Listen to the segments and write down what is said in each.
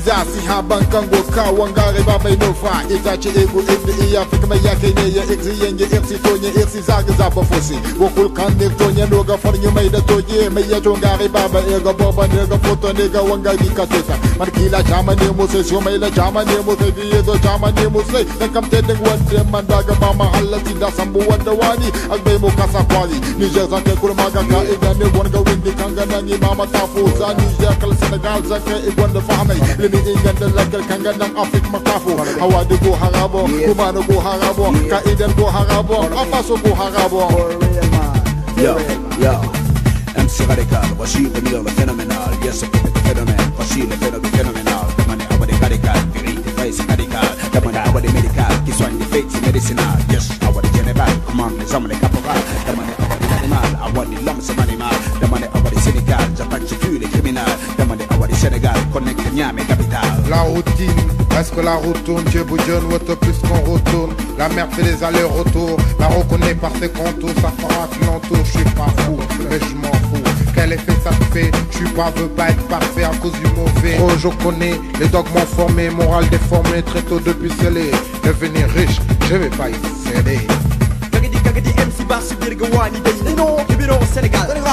I me yake nye yenge vizazi habanka ngoka wangare bamenova ikache egu ifni iyafika mayakeneye ikziyenye irsitonye irsizaga zabafosi wokulkanirtonye ye maidatoye mayatongare baba ega boba nega fotonega wangarikateka markila chamanimuse siomaila chamanimuse viyezo chamanimuse nakamtedeng wandre mandaga mama allatinda sambu wandawani agbemo kasakwali nijezake kulmaga ka egane wanga windi kanganani mama tafuza nijakal senegal zake igwanda fahmay Bini idan da lagar kanga dan afrik makafo Hawa da go harabo, kuma da go harabo Ka idan go harabo, kafa so go harabo Yo, yo MC Radical, وشيل ميول فينومينال يس بيت فينومين وشيل فينومين فينومينال كمان أبدي راديكال تريد فايس راديكال كمان أبدي ميديكال كيسوان دي فيتس ميديسينال يس أبدي جنبال كمان نزامني كابوغال كمان أبدي animal I want the lumps of animal the money Sénégal connecte mes capitales La routine, presque que la route tourne Dieu donne votre plus qu'on retourne. La mer fait les allers-retours, la reconnaît par ses contours, ça France l'entoure. Je suis pas fou, mais je m'en fous. Quel effet ça fait Je suis pas veux pas être parfait à cause du mauvais. Oh, je connais, les dogmes m'ont morale déformée, très tôt depuis scellé. Devenir riche, je vais pas y céder. Gagadi, gagadi, MC Subir, Birgawani, Dino, Kibiro, Sénégal, Sénégal.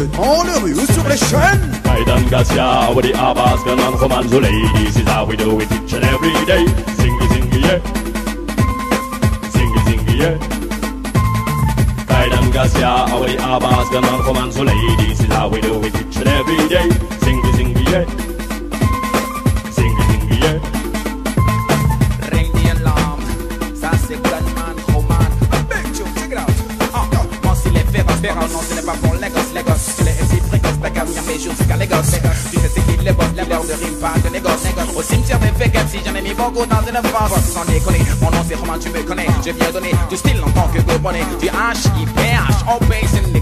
écoute, on le rue sur les chaînes. Aidan Garcia with the Abbas gun on command ladies is how we do it each and every day. Singy, singy, yeah. Singy, singy, yeah. Aidan Garcia with the Abbas gun on command ladies is how we do non ce n'est pas pour les gosses. les gosses Tu l'es si précoce, t'as qu'à venir mes les gosses Tu sais ce qu'il les les la de rime, pas de gosses. Au cimetière des fégates, si j'en ai mis beaucoup dans une enfance Sans déconner, mon nom c'est Romain, tu me connais Je viens donner du style en tant que bonnet Du H-I-P-H, O, P, c'est une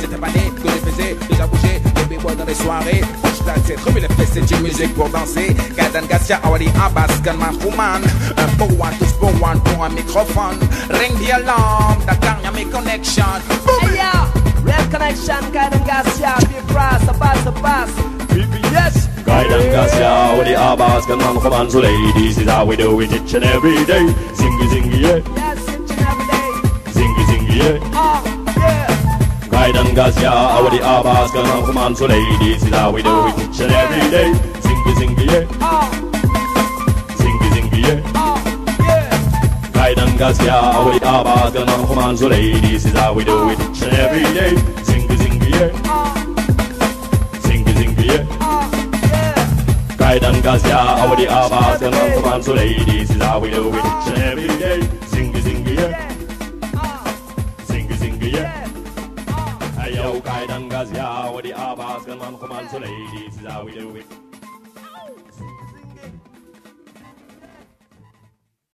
C'était pas net que je faisais, déjà bougé, des b dans les soirées danser, remue les fesses et musique pour danser. Gadan Gassia, Awali Abbas, Gunman Human. Un pour un, tous pour un, pour un microphone. Ring the alarm, Dakar, y'a mes connections. Hey yo, Red Connection, Gadan Gassia, Big Brass, Abbas, Abbas. BBS. Gadan Gassia, Awali Abbas, Gunman Human. So ladies, is how we do it each and every day. Zingy, zingy, yeah. Yes, each and every day. Zingy, zingy, yeah. Oh. Maidan Gazia, yeah, our the Abbas, Ganan Kuman, so ladies, is how we do it each and every day. Zingy, zingy, yeah. Zingy, zingy, yeah. Maidan Gazia, yeah, our the Abbas, Ganan Kuman, so ladies, is how we do it each and every day. Zingy, zingy, yeah. Zingy, zingy, yeah. Maidan Gazia, our the Abbas, Ganan Kuman, so ladies, is how we do it each and every day. Zingy, zingy, yeah. bride and gals, yeah, with the come on, come on, so ladies, is how we do it.